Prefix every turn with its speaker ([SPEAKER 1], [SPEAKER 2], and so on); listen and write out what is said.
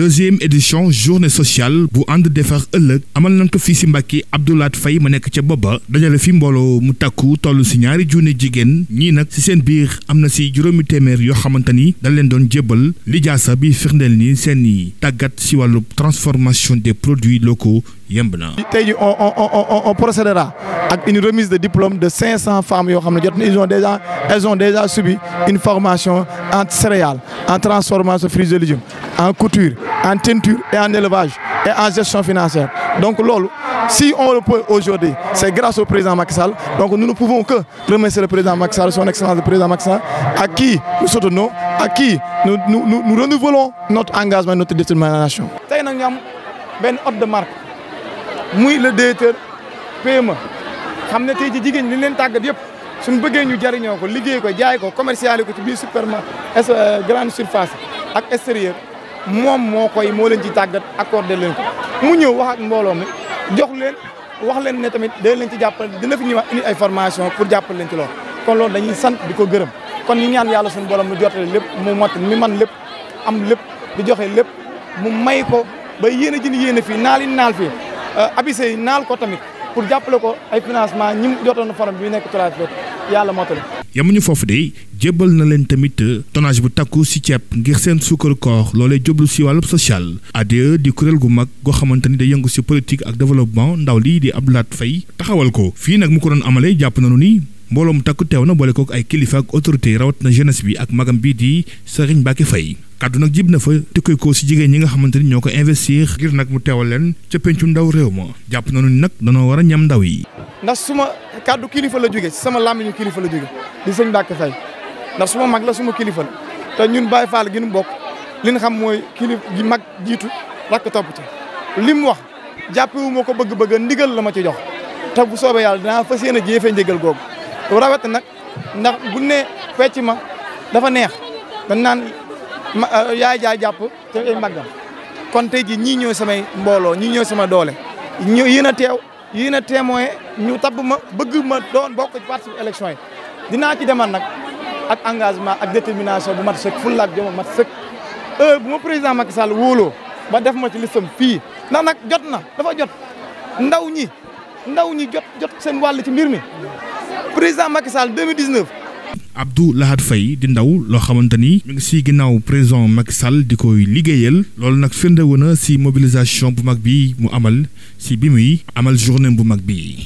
[SPEAKER 1] deuxième édition journée sociale bu ànd defar ëllëg amal nañ ko fii si Mbàkke Abdou Lahad Faye ma nekk ca booba dajale fi mbooloo mu takku toll si ñaari junni jigéen ñii nag si seen biir am na si juróomi téeméer yoo xamante ni dañ leen doon jébbal lijaasa bi firndeel ni seen i tàggat si wàllu transformation des produits locaux yemb na.
[SPEAKER 2] tey jii on on on on procédera ak une remise de diplôme de 500 femmes yoo xam ne jot na ils ont déjà elles ont déjà subi une formation en céréales en transformation fruits et en couture, en teinture en élevage et en gestion financière. Donc loolu si on le peut aujourd'hui, c'est grâce au président Macky Sall. Donc nous ne pouvons que remercier le président Macky Sall, son excellence le président Macky Sall, à qui nous soutenons, à qui nous, nous, nous, nous renouvelons notre engagement, notre détermination. Nous avons une hôte de marque. Moi, le directeur PME. xam ne tey ji jigéen ñi leen tàggat yëpp suñu bëggee ñu jariñoo ko liggéey ko jaay ko commercialisé ko ci biir supermarché euh, grande surface ak extérieur moom moo koy moo leen ci tàggat accordé leen ko mu ñëw wax ak mbooloo mi jox leen wax leen ne tamit dina leen ci jàppale dina fi ñëwaat indi ay formation pour jàppale leen ci loolu kon loolu dañuy sant di ko gërëm kon ñu ñaan yàlla suñu borom mu jotale lépp mu mot mi man lépp am lépp di joxe lépp mu may ko ba yéen a jënd yéen fii naal yi naal fii euh, abise naal ko tamit pour jàppale ko ay financement ñi jotoon forum bi nekk 3 yàlla motali
[SPEAKER 1] yamuñu foofu de jébbal na leen tamit euh, tonage bu takku si ceeb ngir seen sukkar koor loolee jublu si wàll social ADE di kuréel gu mag goo xamante ni day yëngu si politique ak développement ndaw lii di Abdou Lahad Faye taxawal ko fii nag mu ko doon amalee jàpp nañu ni mbooloo mu takku teew na boole kook ay kilifa ak autorité rawat na jeunesse bi ak magam bii di Serigne Mbacké Faye kàddu nag jib na fa tukkee ko si jigéen ñi nga xamante ni ñoo ko investir ngir nag mu teewal leen ca pencu ndaw réew ma jàpp nañu ni nag danoo war a ñam ndaw yi
[SPEAKER 2] ndax suma kàddu kilifa la jóge sama làmmiñu kilifa la jóge di sëñ Mbacke Faye ndax suma mag la suma kilifa la te ñun Baye Fall gi ñu bokk li ñu xam mooy kilifa gi mag jiitu rakk topp ci li mu wax jàppewu ko bëgg-bëgg ndigal la ma ci jox te bu soobee yàlla dinaa fas yéene jëfee ndigal googu rawet nag ndax bu ne fecc ma dafa neex dañ naan euh, yaay jaay jàpp te ay kon te jii ñii ñooy samay mbooloo ñii ñooy sama doole ñoo yéen a teew yéen a témoin ñu tabb ma bëgg ma doon bokk ci participer élection yi dinaa ci demal nag ak engagement ak détermination bu mat sëkk fulla ak jom mat sëkk heure bu ma président Macky Sall wóoloo ba def ma ci listam fii ndax nag jot na dafa jot ndaw ñi ndaw ñi jot jot seen wàll ci mbir mi président Macky Sall 2019
[SPEAKER 1] Abdou Lahad fay di ndaw loo xamante ni mu ngi si ginnaaw président mag Sall di koy liggéeyal loolu nag firnde wu na si mobilisation bu mag bi mu amal si bi muy amal journée bu mag bi